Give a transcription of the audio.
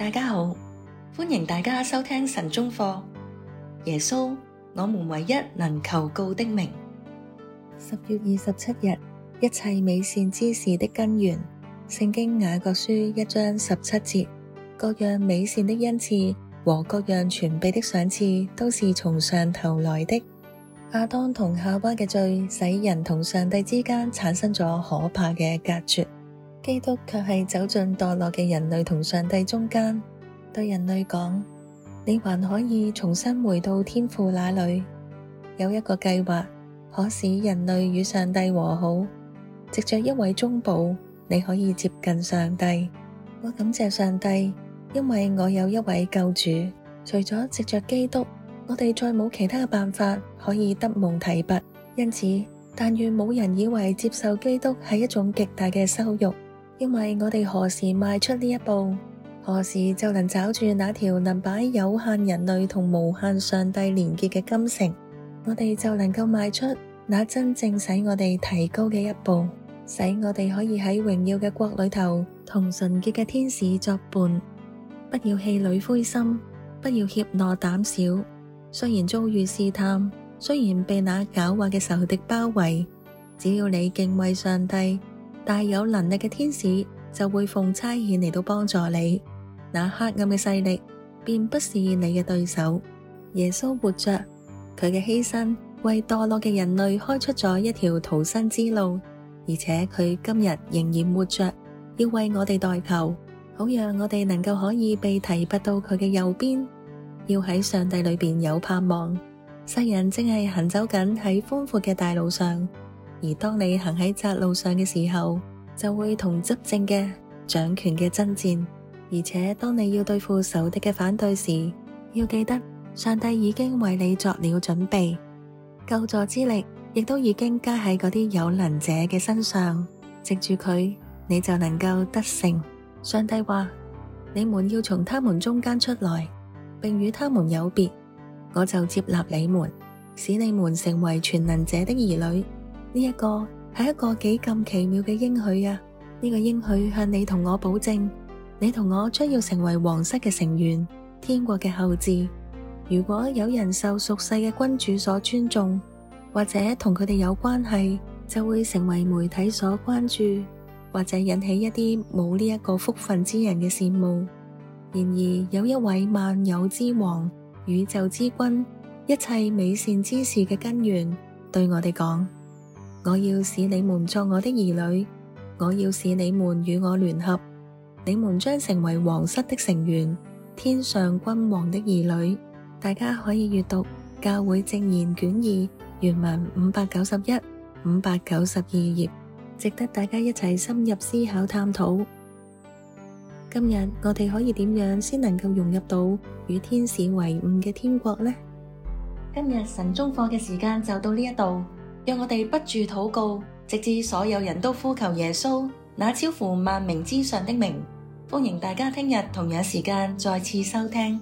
大家好，歡迎大家收聽晨鐘課。耶穌，我們唯一能求告的名。十月二十七日，一切美善之事的根源，聖經雅各書一章十七節，各樣美善的恩賜和各樣全備的賞賜，都是從上頭來的。亞當同夏娃嘅罪，使人同上帝之間產生咗可怕嘅隔絕。基督卻係走進墮落嘅人類同上帝中間，對人類講：你還可以重新回到天父那裏，有一個計劃可使人類與上帝和好。藉着一位中保，你可以接近上帝。我感謝上帝，因為我有一位救主。除咗藉著基督，我哋再冇其他嘅辦法可以得蒙提拔。因此，但願冇人以為接受基督係一種極大嘅羞辱。因為我哋何時邁出呢一步，何時就能找住那條能把有限人類同無限上帝連結嘅金繩，我哋就能夠邁出那真正使我哋提高嘅一步，使我哋可以喺榮耀嘅國裏頭同純潔嘅天使作伴。不要氣餒灰心，不要怯懦膽小。雖然遭遇試探，雖然被那狡猾嘅仇敵包圍，只要你敬畏上帝。大有能力嘅天使就會奉差遣嚟到幫助你，那黑暗嘅勢力便不是你嘅對手。耶穌活着，佢嘅犧牲為墮落嘅人類開出咗一條逃生之路，而且佢今日仍然活着，要為我哋代求，好讓我哋能夠可以被提拔到佢嘅右邊。要喺上帝裏邊有盼望，世人正係行走緊喺寬闊嘅大路上。而當你行喺窄路上嘅時候，就會同執政嘅掌權嘅爭戰。而且當你要對付仇敵嘅反對時，要記得上帝已經為你作了準備，救助之力亦都已經加喺嗰啲有能者嘅身上。藉住佢，你就能夠得勝。上帝話：你們要從他們中間出來，並與他們有別，我就接納你們，使你們成為全能者的兒女。呢一個係一個幾咁奇妙嘅應許啊！呢個應許向你同我保證，你同我將要成為皇室嘅成員，天國嘅後嗣。如果有人受屬世嘅君主所尊重，或者同佢哋有關係，就會成為媒體所關注，或者引起一啲冇呢一個福分之人嘅羨慕。然而，有一位萬有之王、宇宙之君、一切美善之事嘅根源，對我哋講。我要使你們做我的兒女，我要使你們與我聯合，你們將成為皇室的成員，天上君王的兒女。大家可以閱讀《教會證言卷二》原文五百九十一、五百九十二頁，值得大家一齊深入思考探討。今日我哋可以點樣先能夠融入到與天使為伍嘅天國呢？今日神中課嘅時間就到呢一度。讓我哋不住禱告，直至所有人都呼求耶穌，那超乎萬名之上的名。歡迎大家聽日同樣時間再次收聽。